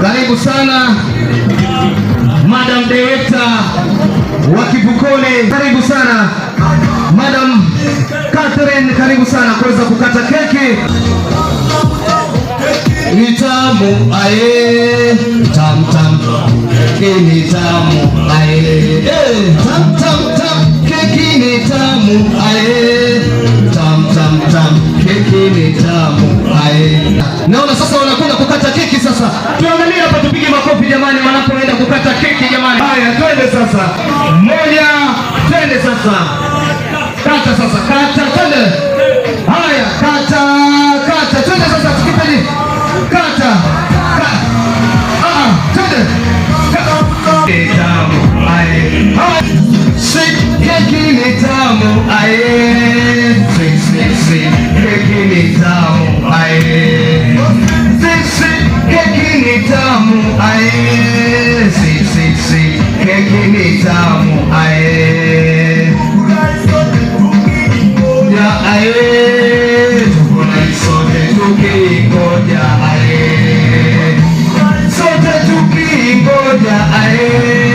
Karibu sana Madam Director wa Kivukoni, karibu sana Madam Catherine, karibu sana kuweza kukata keki. itamu ae aye, tam tam. Ni tamu tunapoenda kukata keki sasa. Tuangalie hapa, tupige makofi jamani, wanapoenda kukata keki jamani. Haya, twende sasa, moja, twende sasa, kata sasa, kata, twende. Haya, kata, kata, twende sasa, tukipeni kata, ah, ah, twende keki ni tamu aye, keki ni tamu ae. tukigoja ae,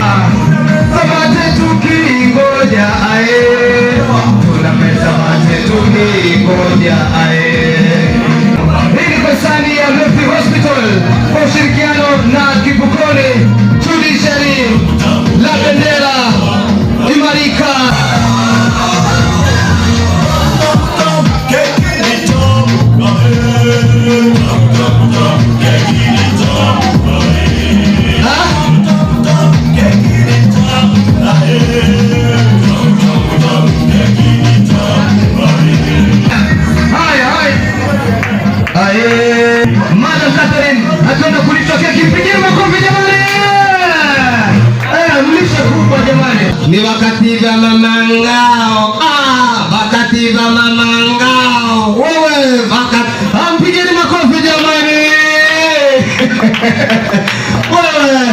samate tukigoja ae, tuna pesa mate tukigoja ae. Hii ni kwa hisani ya Mephi Hospital kwa ushirikiano Madam Catherine ataenda kulitokea kipigie makofi jamani. Eh, eh mlishe kubwa jamani. Ni wakati wa mama ngao. Ah, wakati wa mama ngao. Wewe wakati. Ampigeni ah, makofi jamani. Wewe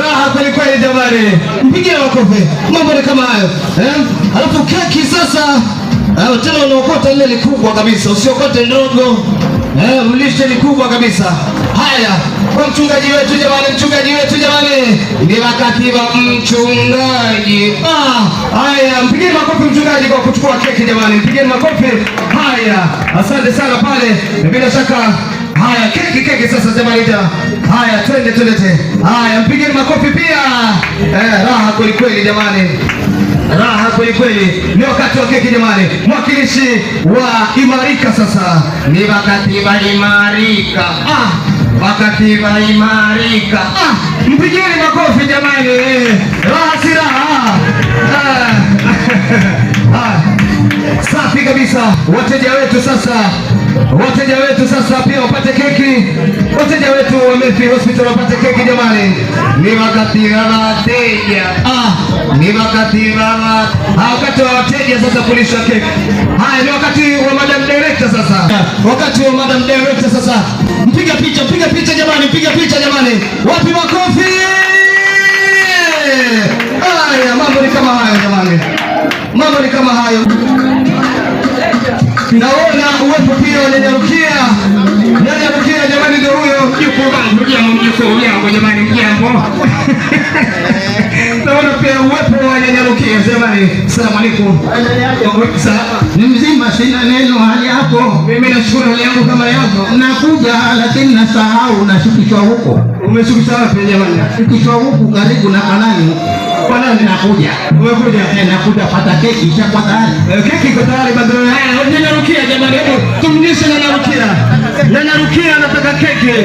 raha kweli kweli jamani. Mpigie makofi. Mambo ni kama hayo. Eh? Alafu keki sasa Hayo eh, tena unaokota lile likubwa kabisa, usiokote ndogo. Eh, ulishe likubwa kabisa. Haya, kwa mchungaji wetu jamani, mchungaji wetu jamani. Ni wakati wa mchungaji. Ah, haya, mpigeni makofi mchungaji kwa kuchukua keki jamani. Mpigeni makofi. Haya, asante sana pale. Bila shaka Haya, keki keki sasa jamani. Haya, twende tulete. Haya, mpigeni makofi pia. Eh, raha kweli kweli jamani. Raha kweli kweli, ni wakati wa keki jamani. Mwakilishi wa Imarika sasa ni wa Imarika, ah, wa Imarika, ah, mpigeni makofi jamani, raha si ah. ah. Safi kabisa, wateja wetu sasa Wateja wetu sasa pia wapate keki, wateja wetu wa Memphis Hospital wapate keki jamani. Ni wakati wa wateja, ah, ni wakati wa ah, wakati wa wateja sasa kulisha keki. Haya, ni wakati wa madam director sasa, wakati wa madam director sasa. Mpiga picha, mpiga picha jamani, mpiga picha jamani, wapi makofi? Haya, mambo ni kama hayo jamani, mambo ni kama hayo. mwenye Naona pia uwepo wa nyanyarukia, jamani, salamu alaikum. Ni mzima, sina neno hali yako. Mimi nashukuru hali yangu kama yako. Nakuja lakini nasahau, nashukishwa huko. Umeshukishwa wapi jamani? Shukishwa huku karibu na kanani kwa leo zinakuja. Umekuja? Eh, nakuja pata keki cha kwa tayari. Keki iko tayari bado. ya eh, haya. Eh, Nenda Rukia jamani, hebu tumlishe na Rukia. Nenda Rukia anataka keki.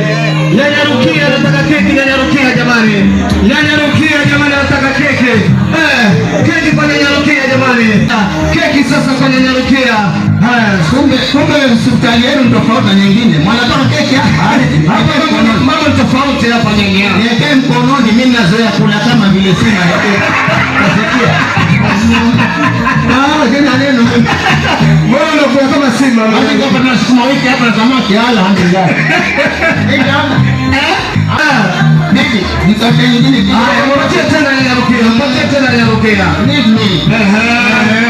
Nenda Rukia anataka keki, na Rukia jamani. Nenda keki sasa kwenye nyarukea. Haya, kumbe kumbe hospitali yenu tofauti na nyingine. Mwanatoa keki hapa. Hapa mambo tofauti hapa nyingine. Niwekee mkononi, mimi nazoea kula kama vile sina. Nasikia. Ah, jana neno. Wewe unakuwa kama sima. Hadi hapa na sukuma wiki hapa na samaki hala alhamdulillah. Ndio. Eh? Ah, bibi, nitakuja nyingine. Ah, unatia tena Leave me.